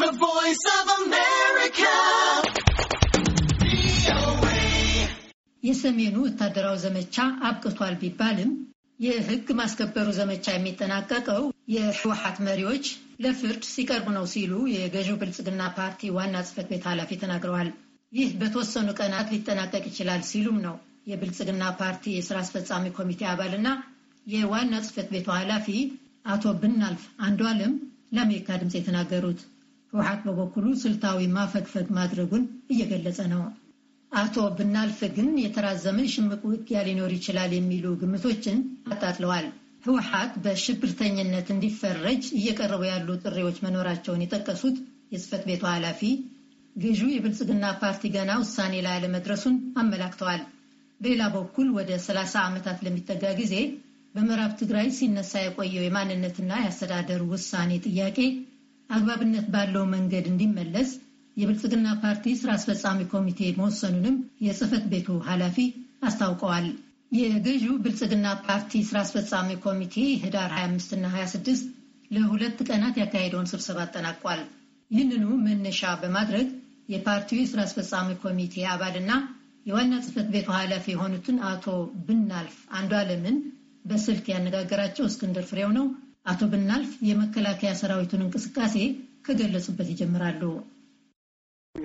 The Voice of America. የሰሜኑ ወታደራዊ ዘመቻ አብቅቷል ቢባልም የሕግ ማስከበሩ ዘመቻ የሚጠናቀቀው የህወሓት መሪዎች ለፍርድ ሲቀርቡ ነው ሲሉ የገዢው ብልጽግና ፓርቲ ዋና ጽህፈት ቤት ኃላፊ ተናግረዋል። ይህ በተወሰኑ ቀናት ሊጠናቀቅ ይችላል ሲሉም ነው የብልጽግና ፓርቲ የስራ አስፈጻሚ ኮሚቴ አባልና የዋና ጽህፈት ቤቱ ኃላፊ አቶ ብናልፍ አንዷለም ለአሜሪካ ድምፅ የተናገሩት። ህወሓት በበኩሉ ስልታዊ ማፈግፈግ ማድረጉን እየገለጸ ነው። አቶ ብናልፍ ግን የተራዘመ ሽምቅ ውጊያ ሊኖር ይችላል የሚሉ ግምቶችን አጣጥለዋል። ህወሓት በሽብርተኝነት እንዲፈረጅ እየቀረቡ ያሉ ጥሪዎች መኖራቸውን የጠቀሱት የጽህፈት ቤቱ ኃላፊ ገዢው የብልጽግና ፓርቲ ገና ውሳኔ ላይ አለመድረሱን አመላክተዋል። በሌላ በኩል ወደ 30 ዓመታት ለሚጠጋ ጊዜ በምዕራብ ትግራይ ሲነሳ የቆየው የማንነትና የአስተዳደር ውሳኔ ጥያቄ አግባብነት ባለው መንገድ እንዲመለስ የብልጽግና ፓርቲ ስራ አስፈጻሚ ኮሚቴ መወሰኑንም የጽህፈት ቤቱ ኃላፊ አስታውቀዋል። የገዢው ብልጽግና ፓርቲ ስራ አስፈጻሚ ኮሚቴ ህዳር 25 እና 26 ለሁለት ቀናት ያካሄደውን ስብሰባ አጠናቋል። ይህንኑ መነሻ በማድረግ የፓርቲው የስራ አስፈጻሚ ኮሚቴ አባልና የዋና ጽህፈት ቤቱ ኃላፊ የሆኑትን አቶ ብናልፍ አንዱ አለምን በስልክ ያነጋገራቸው እስክንድር ፍሬው ነው። አቶ ብናልፍ የመከላከያ ሰራዊቱን እንቅስቃሴ ከገለጹበት ይጀምራሉ።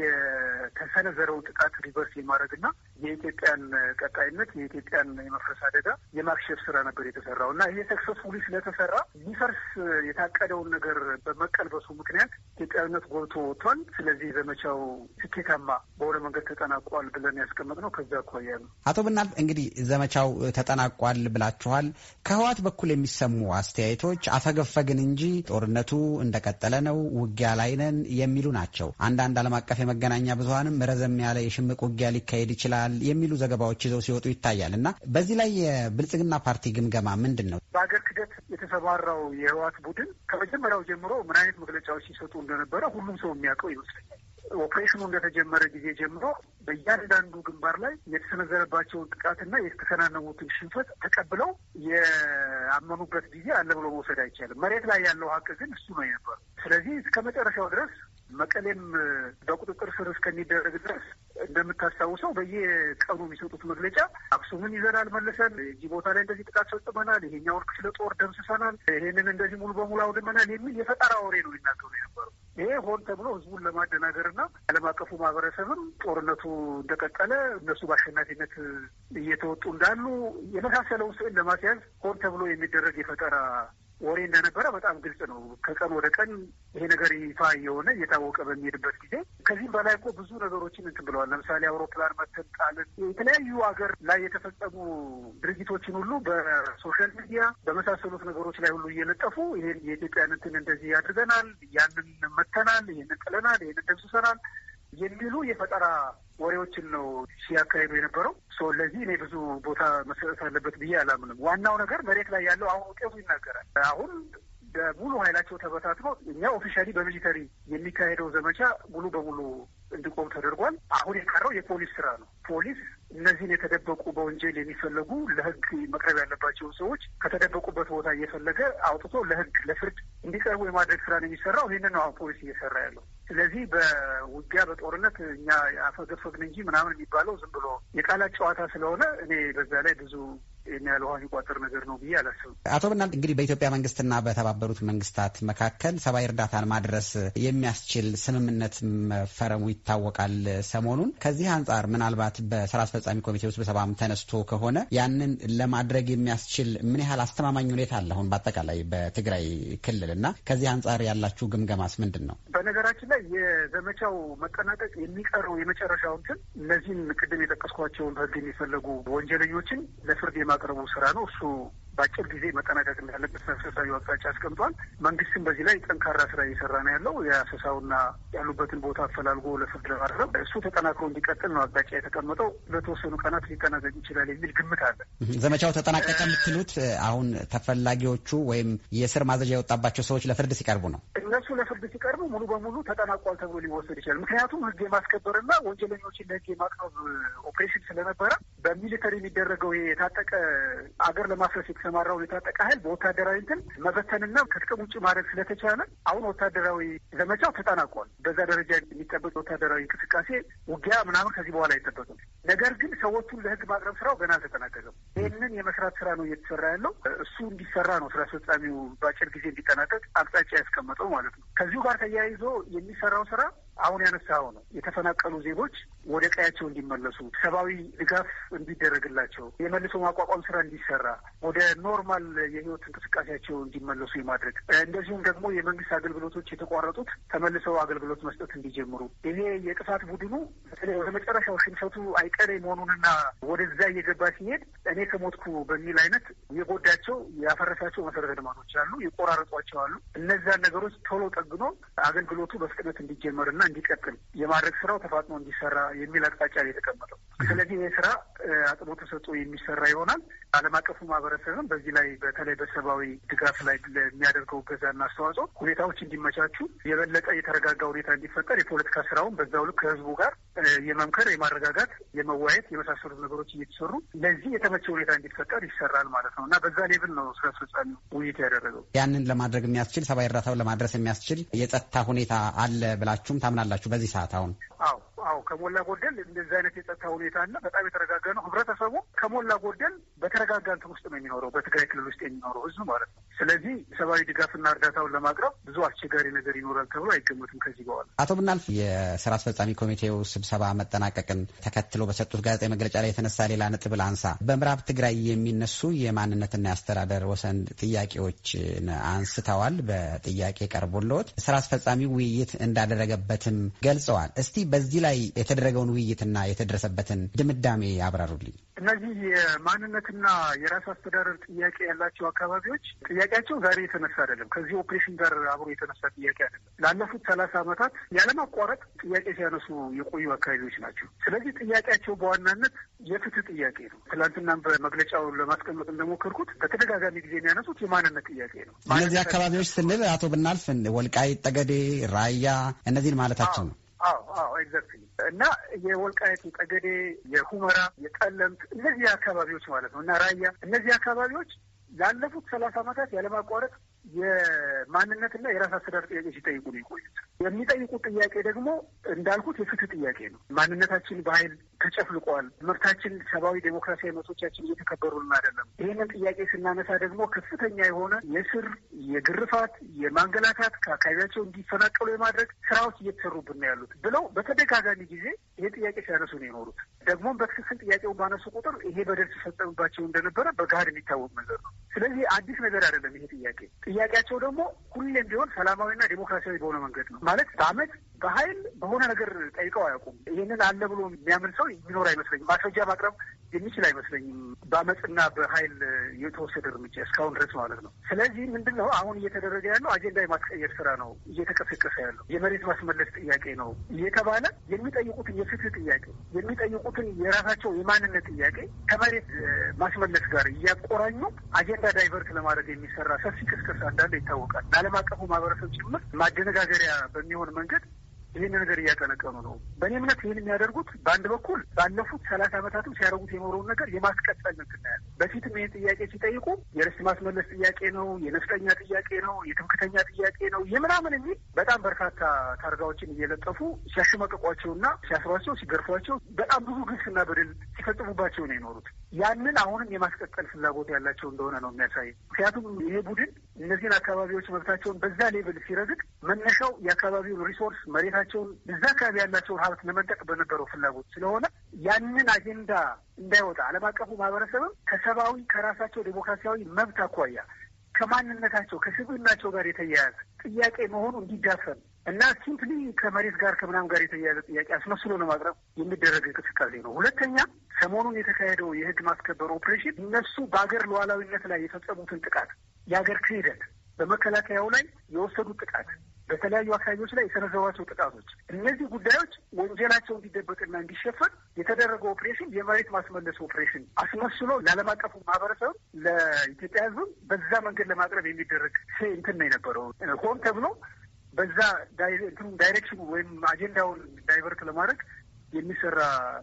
የተሰነዘረውን ጥቃት ሪቨርስ የማድረግ የኢትዮጵያን ቀጣይነት የኢትዮጵያን የመፍረስ አደጋ የማክሸፍ ስራ ነበር የተሰራው እና ይሄ ሰክሰስፉሊ ስለተሰራ ሊፈርስ የታቀደውን ነገር በመቀልበሱ ምክንያት ኢትዮጵያዊነት ጎልቶ ወጥቷል። ስለዚህ ዘመቻው ስኬታማ በሆነ መንገድ ተጠናቋል ብለን ያስቀመጥነው ከዛ አኳያ ነው። አቶ ብናል እንግዲህ ዘመቻው ተጠናቋል ብላችኋል። ከህዋት በኩል የሚሰሙ አስተያየቶች አፈገፈግን እንጂ ጦርነቱ እንደቀጠለ ነው፣ ውጊያ ላይ ነን የሚሉ ናቸው። አንዳንድ ዓለም አቀፍ የመገናኛ ብዙሀንም ረዘም ያለ የሽምቅ ውጊያ ሊካሄድ ይችላል ይችላል የሚሉ ዘገባዎች ይዘው ሲወጡ ይታያል እና በዚህ ላይ የብልጽግና ፓርቲ ግምገማ ምንድን ነው? በሀገር ክደት የተሰማራው የህወሓት ቡድን ከመጀመሪያው ጀምሮ ምን አይነት መግለጫዎች ሲሰጡ እንደነበረ ሁሉም ሰው የሚያውቀው ይመስለኛል። ኦፕሬሽኑ እንደተጀመረ ጊዜ ጀምሮ በእያንዳንዱ ግንባር ላይ የተሰነዘረባቸውን ጥቃትና የተከናነቡትን ሽንፈት ተቀብለው የአመኑበት ጊዜ አለ ብሎ መውሰድ አይቻልም። መሬት ላይ ያለው ሀቅ ግን እሱ ነው የነበረው። ስለዚህ እስከ መጨረሻው ድረስ መቀሌም በቁጥጥር ስር እስከሚደረግ ድረስ እንደምታስታውሰው በየቀኑ የሚሰጡት መግለጫ አክሱምን ይዘናል መልሰን፣ እዚህ ቦታ ላይ እንደዚህ ጥቃት ፈጽመናል፣ ይሄኛውን ክፍለ ጦር ደምስሰናል፣ ይሄንን እንደዚህ ሙሉ በሙሉ አውድመናል የሚል የፈጠራ ወሬ ነው ይናገሩ የነበሩ። ይሄ ሆን ተብሎ ህዝቡን ለማደናገርና ዓለም አቀፉ ማህበረሰብም ጦርነቱ እንደቀጠለ እነሱ በአሸናፊነት እየተወጡ እንዳሉ የመሳሰለውን ስዕል ለማስያዝ ሆን ተብሎ የሚደረግ የፈጠራ ወሬ እንደነበረ በጣም ግልጽ ነው። ከቀን ወደ ቀን ይሄ ነገር ይፋ የሆነ እየታወቀ በሚሄድበት ጊዜ ከዚህም በላይ እኮ ብዙ ነገሮችን እንትን ብለዋል። ለምሳሌ አውሮፕላን መተን ጣልን፣ የተለያዩ ሀገር ላይ የተፈጸሙ ድርጊቶችን ሁሉ በሶሻል ሚዲያ በመሳሰሉት ነገሮች ላይ ሁሉ እየለጠፉ ይሄን የኢትዮጵያን እንትን እንደዚህ ያድርገናል፣ ያንን መተናል፣ ይህንን ጥለናል፣ ይህንን ደምስሰናል የሚሉ የፈጠራ ወሬዎችን ነው ሲያካሂዱ የነበረው። ለዚህ እኔ ብዙ ቦታ መሰጠት አለበት ብዬ አላምንም። ዋናው ነገር መሬት ላይ ያለው አሁን ውጤቱ ይናገራል። አሁን በሙሉ ኃይላቸው ተበታትኖ እኛ ኦፊሻሊ በሚሊተሪ የሚካሄደው ዘመቻ ሙሉ በሙሉ እንዲቆም ተደርጓል። አሁን የቀረው የፖሊስ ስራ ነው። ፖሊስ እነዚህን የተደበቁ በወንጀል የሚፈለጉ ለህግ መቅረብ ያለባቸውን ሰዎች ከተደበቁበት ቦታ እየፈለገ አውጥቶ ለህግ ለፍርድ እንዲቀርቡ የማድረግ ስራ ነው የሚሰራው። ይህንን ነው አሁን ፖሊስ እየሰራ ያለው። ስለዚህ በውጊያ በጦርነት እኛ አፈገፈግን እንጂ ምናምን የሚባለው ዝም ብሎ የቃላት ጨዋታ ስለሆነ እኔ በዛ ላይ ብዙ ይህን ያህል ውሃ የሚቋጠር ነገር ነው ብዬ አላስብም። አቶ ብናልጥ እንግዲህ በኢትዮጵያ መንግስትና በተባበሩት መንግስታት መካከል ሰብአዊ እርዳታን ማድረስ የሚያስችል ስምምነት መፈረሙ ይታወቃል ሰሞኑን። ከዚህ አንጻር ምናልባት በስራ አስፈጻሚ ኮሚቴ ውስጥ በሰባም ተነስቶ ከሆነ ያንን ለማድረግ የሚያስችል ምን ያህል አስተማማኝ ሁኔታ አለ አሁን በአጠቃላይ በትግራይ ክልል እና ከዚህ አንጻር ያላችሁ ግምገማስ ምንድን ነው? በነገራችን ላይ የዘመቻው መጠናቀቅ የሚቀረው የመጨረሻው እንትን እነዚህን ቅድም የጠቀስኳቸውን በህግ የሚፈለጉ ወንጀለኞችን ለፍርድ የማ ባቀረቡ ስራ ነው እሱ በአጭር ጊዜ መጠናቀቅ እንዳለበት አሰሳዊ አቅጣጫ አስቀምጧል። መንግስትም በዚህ ላይ ጠንካራ ስራ እየሰራ ነው ያለው የአሰሳውና ያሉበትን ቦታ አፈላልጎ ለፍርድ ለማድረግ እሱ ተጠናክሮ እንዲቀጥል ነው አቅጣጫ የተቀመጠው። ለተወሰኑ ቀናት ሊጠናቀቅ ይችላል የሚል ግምት አለ። ዘመቻው ተጠናቀቀ የምትሉት አሁን ተፈላጊዎቹ ወይም የስር ማዘዣ የወጣባቸው ሰዎች ለፍርድ ሲቀርቡ ነው። እነሱ ለፍርድ ሲቀርቡ ሙሉ በሙሉ ተጠናቋል ተብሎ ሊወሰድ ይችላል። ምክንያቱም ህግ የማስከበርና ወንጀለኞችን ለህግ የማቅረብ ኦፕሬሽን ስለነበረ በሚሊተሪ የሚደረገው የታጠቀ አገር ለማፍረስ የተሰማራው የታጠቀ ኃይል በወታደራዊ እንትን መበተንና ከጥቅም ውጭ ማድረግ ስለተቻለ አሁን ወታደራዊ ዘመቻው ተጠናቋል። በዛ ደረጃ የሚጠበቅ ወታደራዊ እንቅስቃሴ ውጊያ ምናምን ከዚህ በኋላ አይጠበቅም። ነገር ግን ሰዎቹን ለህግ ማቅረብ ስራው ገና አልተጠናቀቀም። ይህንን የመስራት ስራ ነው እየተሰራ ያለው። እሱ እንዲሰራ ነው ስራ አስፈጻሚው በአጭር ጊዜ እንዲጠናቀቅ አቅጣጫ ያስቀመጠው ማለት ነው። ከዚሁ ጋር ተያይዞ የሚሰራው ስራ አሁን ያነሳው ነው። የተፈናቀሉ ዜጎች ወደ ቀያቸው እንዲመለሱ ሰብአዊ ድጋፍ እንዲደረግላቸው የመልሶ ማቋቋም ስራ እንዲሰራ ወደ ኖርማል የህይወት እንቅስቃሴያቸው እንዲመለሱ የማድረግ እንደዚሁም ደግሞ የመንግስት አገልግሎቶች የተቋረጡት ተመልሰው አገልግሎት መስጠት እንዲጀምሩ ይሄ የጥፋት ቡድኑ ወደ መጨረሻው ሽንፈቱ አይቀሬ መሆኑንና ወደዛ እየገባ ሲሄድ እኔ ከሞትኩ በሚል አይነት የጎዳቸው ያፈረሳቸው መሰረተ ልማቶች አሉ፣ የቆራረጧቸው አሉ። እነዛን ነገሮች ቶሎ ጠግኖ አገልግሎቱ በፍጥነት እንዲጀመርና እንዲቀጥል የማድረግ ስራው ተፋጥኖ እንዲሰራ የሚል አቅጣጫ ነው የተቀመጠው። ስለዚህ ይህ ስራ አጥቦ ተሰጦ የሚሰራ ይሆናል። ዓለም አቀፉ ማህበረሰብም በዚህ ላይ በተለይ በሰብአዊ ድጋፍ ላይ ለሚያደርገው እገዛና አስተዋጽኦ ሁኔታዎች እንዲመቻቹ የበለጠ የተረጋጋ ሁኔታ እንዲፈጠር የፖለቲካ ስራውን በዛው ልክ ከህዝቡ ጋር የመምከር፣ የማረጋጋት፣ የመዋየት የመሳሰሉት ነገሮች እየተሰሩ ለዚህ የተመቸ ሁኔታ እንዲፈጠር ይሰራል ማለት ነው እና በዛ ሌብል ነው ስራ አስፈጻሚ ውይይት ያደረገው። ያንን ለማድረግ የሚያስችል ሰብአዊ እርዳታውን ለማድረስ የሚያስችል የጸጥታ ሁኔታ አለ ብላችሁም ታምናላችሁ በዚህ ሰዓት አሁን? አዎ ያው ከሞላ ጎደል እንደዚህ አይነት የጸጥታ ሁኔታና በጣም የተረጋጋ ነው። ህብረተሰቡ ከሞላ ጎደል በተረጋጋ እንትን ውስጥ ነው የሚኖረው፣ በትግራይ ክልል ውስጥ የሚኖረው ህዝብ ማለት ነው። ስለዚህ ሰብአዊ ድጋፍና እርዳታውን ለማቅረብ ብዙ አስቸጋሪ ነገር ይኖራል ተብሎ አይገመትም። ከዚህ በኋላ አቶ ብናልፍ የስራ አስፈጻሚ ኮሚቴው ስብሰባ መጠናቀቅን ተከትሎ በሰጡት ጋዜጣዊ መግለጫ ላይ የተነሳ ሌላ ነጥብ ላንሳ። በምዕራብ ትግራይ የሚነሱ የማንነትና የአስተዳደር ወሰን ጥያቄዎችን አንስተዋል። በጥያቄ ቀርቦለት ስራ አስፈጻሚው ውይይት እንዳደረገበትም ገልጸዋል። እስቲ በዚህ ላይ የተደረገውን ውይይትና የተደረሰበትን ድምዳሜ ያብራሩልኝ። እነዚህ የማንነትና የራስ አስተዳደር ጥያቄ ያላቸው አካባቢዎች ጥያቄያቸው ዛሬ የተነሳ አይደለም። ከዚህ ኦፕሬሽን ጋር አብሮ የተነሳ ጥያቄ አይደለም። ላለፉት ሰላሳ ዓመታት ያለማቋረጥ ጥያቄ ሲያነሱ የቆዩ አካባቢዎች ናቸው። ስለዚህ ጥያቄያቸው በዋናነት የፍትህ ጥያቄ ነው። ትላንትና በመግለጫው ለማስቀመጥ እንደሞከርኩት በተደጋጋሚ ጊዜ የሚያነሱት የማንነት ጥያቄ ነው። እነዚህ አካባቢዎች ስንል አቶ ብናልፍ ወልቃይ፣ ጠገዴ፣ ራያ እነዚህን ማለታቸው ነው። አዎ አዎ ኤግዛክትሊ እና የወልቃይቱ ጠገዴ፣ የሁመራ፣ የጠለምት እነዚህ አካባቢዎች ማለት ነው እና ራያ እነዚህ አካባቢዎች ላለፉት ሰላሳ ዓመታት ያለማቋረጥ የማንነትና የራስ አስተዳደር ጥያቄ ሲጠይቁ ነው የቆዩት። የሚጠይቁት ጥያቄ ደግሞ እንዳልኩት የፍትህ ጥያቄ ነው። ማንነታችን በኃይል ተጨፍልቋል። ምርታችን ሰብአዊ ዴሞክራሲያዊ መብቶቻችን እየተከበሩልን አይደለም። ይህንን ጥያቄ ስናነሳ ደግሞ ከፍተኛ የሆነ የስር የግርፋት፣ የማንገላታት ከአካባቢያቸው እንዲፈናቀሉ የማድረግ ስራዎች እየተሰሩብን ነው ያሉት ብለው በተደጋጋሚ ጊዜ ይሄ ጥያቄ ሲያነሱ ነው የኖሩት። ደግሞም በትክክል ጥያቄውን ባነሱ ቁጥር ይሄ በደል ሲፈጸምባቸው እንደነበረ በጋድ የሚታወቅ ነገር ነው። ስለዚህ አዲስ ነገር አይደለም ይሄ ጥያቄ። ጥያቄያቸው ደግሞ ሁሌም ቢሆን ሰላማዊና ዲሞክራሲያዊ በሆነ መንገድ ነው ማለት በአመት በኃይል በሆነ ነገር ጠይቀው አያውቁም። ይህንን አለ ብሎ የሚያምን ሰው የሚኖር አይመስለኝም። ማስረጃ ማቅረብ የሚችል አይመስለኝም። በአመፅና በኃይል የተወሰደ እርምጃ እስካሁን ድረስ ማለት ነው። ስለዚህ ምንድን ነው አሁን እየተደረገ ያለው አጀንዳ የማስቀየር ስራ ነው እየተቀሰቀሰ ያለው የመሬት ማስመለስ ጥያቄ ነው እየተባለ የሚጠይቁትን የፍትህ ጥያቄ የሚጠይቁትን የራሳቸው የማንነት ጥያቄ ከመሬት ማስመለስ ጋር እያቆራኙ አጀንዳ ዳይቨርት ለማድረግ የሚሰራ ሰፊ ቅስቀሳ እንዳለ ይታወቃል። ለዓለም አቀፉ ማህበረሰብ ጭምር ማደነጋገሪያ በሚሆን መንገድ ይህን ነገር እያቀነቀኑ ነው። በእኔ እምነት ይህን የሚያደርጉት በአንድ በኩል ባለፉት ሰላሳ ዓመታትም ሲያደርጉት የኖረውን ነገር የማስቀጠል ምትናያል። በፊትም ይህን ጥያቄ ሲጠይቁ የርስት ማስመለስ ጥያቄ ነው፣ የነፍጠኛ ጥያቄ ነው፣ የትምክተኛ ጥያቄ ነው የምናምን የሚል በጣም በርካታ ታርጋዎችን እየለጠፉ ሲያሸመቀቋቸውና ሲያስሯቸው፣ ሲገርፏቸው በጣም ብዙ ግፍና በደል ሲፈጽሙባቸው ነው የኖሩት። ያንን አሁንም የማስቀጠል ፍላጎት ያላቸው እንደሆነ ነው የሚያሳየው። ምክንያቱም ይሄ ቡድን እነዚህን አካባቢዎች መብታቸውን በዛ ሌብል ሲረግጥ መነሻው የአካባቢውን ሪሶርስ መሬታቸውን፣ እዛ አካባቢ ያላቸውን ሀብት ለመንጠቅ በነበረው ፍላጎት ስለሆነ ያንን አጀንዳ እንዳይወጣ ዓለም አቀፉ ማህበረሰብም ከሰብአዊ ከራሳቸው ዴሞክራሲያዊ መብት አኳያ ከማንነታቸው ከስብዕናቸው ጋር የተያያዘ ጥያቄ መሆኑ እንዲዳፈን እና ሲምፕሊ ከመሬት ጋር ከምናም ጋር የተያያዘ ጥያቄ አስመስሎ ለማቅረብ የሚደረግ እንቅስቃሴ ነው። ሁለተኛ ሰሞኑን የተካሄደው የህግ ማስከበር ኦፕሬሽን እነሱ በሀገር ሉዓላዊነት ላይ የፈጸሙትን ጥቃት የሀገር ክህደት፣ በመከላከያው ላይ የወሰዱት ጥቃት፣ በተለያዩ አካባቢዎች ላይ የሰነዘሯቸው ጥቃቶች፣ እነዚህ ጉዳዮች ወንጀላቸው እንዲደበቅና እንዲሸፈን የተደረገው ኦፕሬሽን የመሬት ማስመለስ ኦፕሬሽን አስመስሎ ለዓለም አቀፉ ማህበረሰብ ለኢትዮጵያ ህዝብም በዛ መንገድ ለማቅረብ የሚደረግ እንትን ነው የነበረው ሆን ተብሎ በዛ ዳይሬክሽን ወይም አጀንዳውን ዳይቨርት ለማድረግ የሚሰራ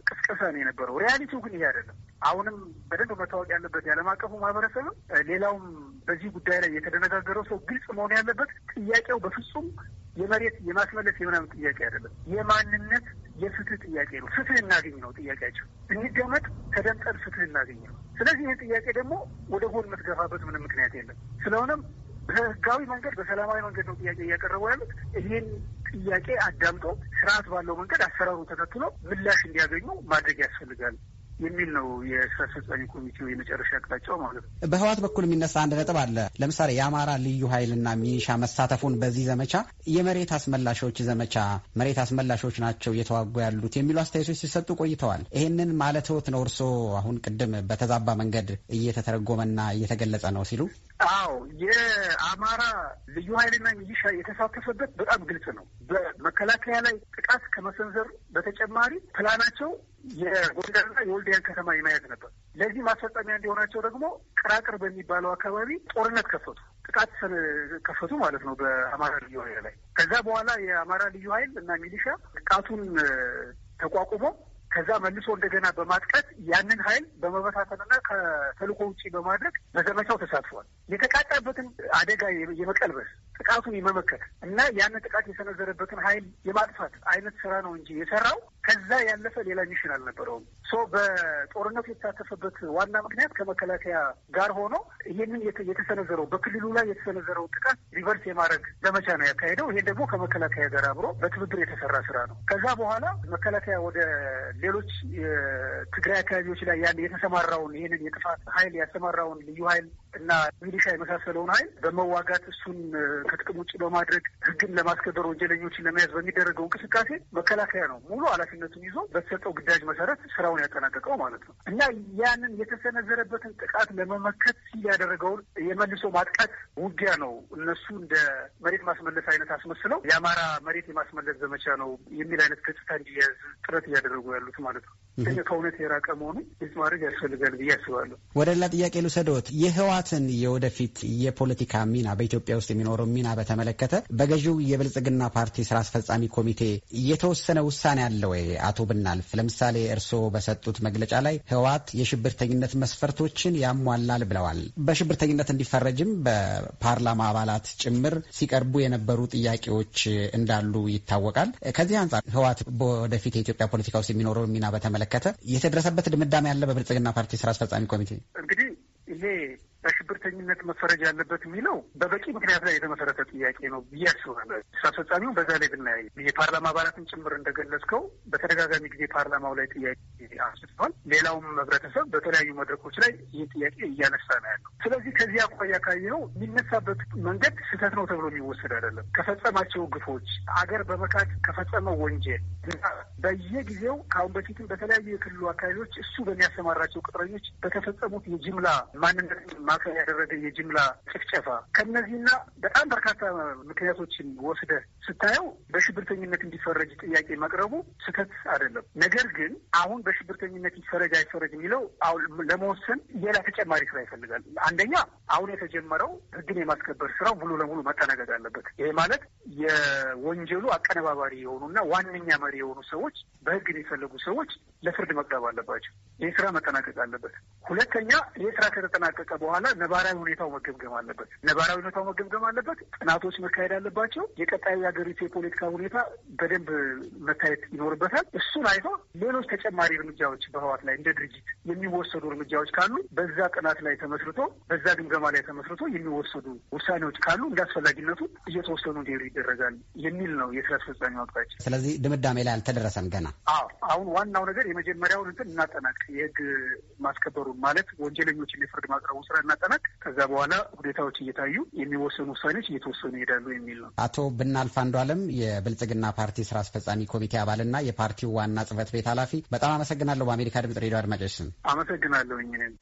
ቅስቀሳ ነው የነበረው። ሪያሊቲው ግን ይሄ አይደለም። አሁንም በደንብ መታወቅ ያለበት የዓለም አቀፉ ማህበረሰብም ሌላውም በዚህ ጉዳይ ላይ የተደነጋገረው ሰው ግልጽ መሆን ያለበት ጥያቄው በፍጹም የመሬት የማስመለስ የምናምን ጥያቄ አይደለም። የማንነት የፍትህ ጥያቄ ነው። ፍትህ እናገኝ ነው ጥያቄያቸው። እንገመጥ ተደምጠን ፍትህ እናገኝ ነው። ስለዚህ ይህ ጥያቄ ደግሞ ወደ ጎን የምትገፋበት ምንም ምክንያት የለም። ስለሆነም በህጋዊ መንገድ በሰላማዊ መንገድ ነው ጥያቄ እያቀረቡ ያሉት። ይህን ጥያቄ አዳምጦ ስርዓት ባለው መንገድ አሰራሩ ተከትሎ ምላሽ እንዲያገኙ ማድረግ ያስፈልጋል የሚል ነው የስራ አስፈጻሚ ኮሚቴው የመጨረሻ አቅጣጫው ማለት ነው። በህዋት በኩል የሚነሳ አንድ ነጥብ አለ። ለምሳሌ የአማራ ልዩ ኃይልና ሚኒሻ መሳተፉን በዚህ ዘመቻ የመሬት አስመላሾች ዘመቻ መሬት አስመላሾች ናቸው እየተዋጉ ያሉት የሚሉ አስተያየቶች ሲሰጡ ቆይተዋል። ይህንን ማለትዎት ነው እርስዎ አሁን ቅድም በተዛባ መንገድ እየተተረጎመና እየተገለጸ ነው ሲሉ አዎ የአማራ ልዩ ኃይልና ሚሊሻ የተሳተፈበት በጣም ግልጽ ነው። በመከላከያ ላይ ጥቃት ከመሰንዘር በተጨማሪ ፕላናቸው የጎንደርና የወልዲያን ከተማ የመያዝ ነበር። ለዚህ ማስፈጸሚያ እንዲሆናቸው ደግሞ ቅራቅር በሚባለው አካባቢ ጦርነት ከፈቱ፣ ጥቃት ከፈቱ ማለት ነው በአማራ ልዩ ኃይል ላይ። ከዛ በኋላ የአማራ ልዩ ኃይል እና ሚሊሻ ጥቃቱን ተቋቁሞ ከዛ መልሶ እንደገና በማጥቀት ያንን ኃይል በመበታተንና ከተልእኮ ውጪ በማድረግ በዘመቻው ተሳትፏል። የተቃጣበትን አደጋ የመቀልበስ ጥቃቱን የመመከት እና ያንን ጥቃት የሰነዘረበትን ኃይል የማጥፋት አይነት ስራ ነው እንጂ የሰራው ከዛ ያለፈ ሌላ ሚሽን አልነበረውም። ሶ በጦርነቱ የተሳተፈበት ዋና ምክንያት ከመከላከያ ጋር ሆኖ ይህንን የተሰነዘረው በክልሉ ላይ የተሰነዘረው ጥቃት ሪቨርስ የማድረግ ዘመቻ ነው ያካሄደው። ይሄን ደግሞ ከመከላከያ ጋር አብሮ በትብብር የተሰራ ስራ ነው። ከዛ በኋላ መከላከያ ወደ ሌሎች የትግራይ አካባቢዎች ላይ ያን የተሰማራውን ይህንን የጥፋት ኃይል ያሰማራውን ልዩ ኃይል እና ሚሊሻ የመሳሰለውን ኃይል በመዋጋት እሱን ከጥቅም ውጭ በማድረግ ሕግን ለማስከበር ወንጀለኞችን ለመያዝ በሚደረገው እንቅስቃሴ መከላከያ ነው ሙሉ ኃላፊነቱን ይዞ በተሰጠው ግዳጅ መሰረት ስራውን ያጠናቀቀው ማለት ነው እና ያንን የተሰነዘረበትን ጥቃት ለመመከት ሲል ያደረገውን የመልሶ ማጥቃት ውጊያ ነው እነሱ እንደ መሬት ማስመለስ አይነት አስመስለው የአማራ መሬት የማስመለስ ዘመቻ ነው የሚል አይነት ገጽታ እንዲያዝ ጥረት እያደረጉ ያሉት። የሚያደርጉት ማለት ነው። ግን ከእውነት የራቀ መሆኑ ግልጽ ማድረግ ያስፈልጋል ብዬ አስባለሁ። ወደ ሌላ ጥያቄ ልውሰድዎት። የህወሓትን የወደፊት የፖለቲካ ሚና በኢትዮጵያ ውስጥ የሚኖረው ሚና በተመለከተ በገዢው የብልጽግና ፓርቲ ስራ አስፈጻሚ ኮሚቴ የተወሰነ ውሳኔ አለ ወይ? አቶ ብናልፍ፣ ለምሳሌ እርስዎ በሰጡት መግለጫ ላይ ህወሓት የሽብርተኝነት መስፈርቶችን ያሟላል ብለዋል። በሽብርተኝነት እንዲፈረጅም በፓርላማ አባላት ጭምር ሲቀርቡ የነበሩ ጥያቄዎች እንዳሉ ይታወቃል። ከዚህ አንጻር ህወሓት በወደፊት የኢትዮጵያ ፖለቲካ ውስጥ የሚኖ የሚኖረው ሚና በተመለከተ የተደረሰበት ድምዳሜ ያለ በብልጽግና ፓርቲ ስራ አስፈጻሚ ኮሚቴ እንግዲህ ይሄ በሽብርተኝነት መፈረጅ ያለበት የሚለው በበቂ ምክንያት ላይ የተመሰረተ ጥያቄ ነው ብዬ አስባለሁ። ስራ አስፈጻሚው በዛ ላይ ብናይ የፓርላማ አባላትን ጭምር እንደገለጽከው በተደጋጋሚ ጊዜ ፓርላማው ላይ ጥያቄ አንስተዋል። ሌላውም ህብረተሰብ በተለያዩ መድረኮች ላይ ይህ ጥያቄ እያነሳ ነው ያለው። ስለዚህ ከዚህ አኳያ ካየነው የሚነሳበት መንገድ ስህተት ነው ተብሎ የሚወሰድ አይደለም። ከፈጸማቸው ግፎች አገር በመካት ከፈጸመው ወንጀል በየጊዜው ከአሁን በፊትም በተለያዩ የክልሉ አካባቢዎች እሱ በሚያሰማራቸው ቅጥረኞች በተፈጸሙት የጅምላ ማንነት ማዕከል ያደረገ የጅምላ ጭፍጨፋ ከነዚህና በጣም በርካታ ምክንያቶችን ወስደ ስታየው በሽብርተኝነት እንዲፈረጅ ጥያቄ መቅረቡ ስህተት አይደለም። ነገር ግን አሁን በሽብርተኝነት ይፈረጅ አይፈረጅ የሚለው አሁን ለመወሰን ሌላ ተጨማሪ ስራ ይፈልጋል። አንደኛ አሁን የተጀመረው ህግን የማስከበር ስራው ሙሉ ለሙሉ መጠናቀቅ አለበት። ይሄ ማለት የወንጀሉ አቀነባባሪ የሆኑና ዋነኛ መሪ የሆኑ ሰዎች፣ በህግ የሚፈለጉ ሰዎች ለፍርድ መቅረብ አለባቸው። ይህ ስራ መጠናቀቅ አለበት። ሁለተኛ ይህ ስራ ከተጠናቀቀ በኋላ ነባራዊ ሁኔታው መገምገም አለበት። ነባራዊ ሁኔታው መገምገም አለበት። ጥናቶች መካሄድ አለባቸው። የቀጣዩ የሀገሪቱ የፖለቲካ ሁኔታ በደንብ መታየት ይኖርበታል። እሱን አይቶ ሌሎች ተጨማሪ እርምጃዎች በህዋት ላይ እንደ ድርጅት የሚወሰዱ እርምጃዎች ካሉ በዛ ጥናት ላይ ተመስርቶ በዛ ግምገማ ላይ ተመስርቶ የሚወሰዱ ውሳኔዎች ካሉ እንደ አስፈላጊነቱ እየተወሰኑ እንዲሄዱ ይደረጋል የሚል ነው የስራ አስፈጻሚ አቅጣጫ። ስለዚህ ድምዳሜ ላይ አልተደረሰም ገና። አዎ አሁን ዋናው ነገር የመጀመሪያውን እንትን እናጠናቅ፣ የህግ ማስከበሩን ማለት ወንጀለኞችን የፍርድ ማቅረቡ ስራ እናጠናቅ። ከዛ በኋላ ሁኔታዎች እየታዩ የሚወሰኑ ውሳኔዎች እየተወሰኑ ይሄዳሉ የሚል ነው። አቶ ብናልፍ አንዱ አለም የብልጽግና ፓርቲ ስራ አስፈጻሚ ኮሚቴ አባልና የፓርቲው ዋና ጽህፈት ቤት ኃላፊ፣ በጣም አመሰግናለሁ። በአሜሪካ ድምጽ ሬዲዮ አድማጮች ስም አመሰግናለሁ።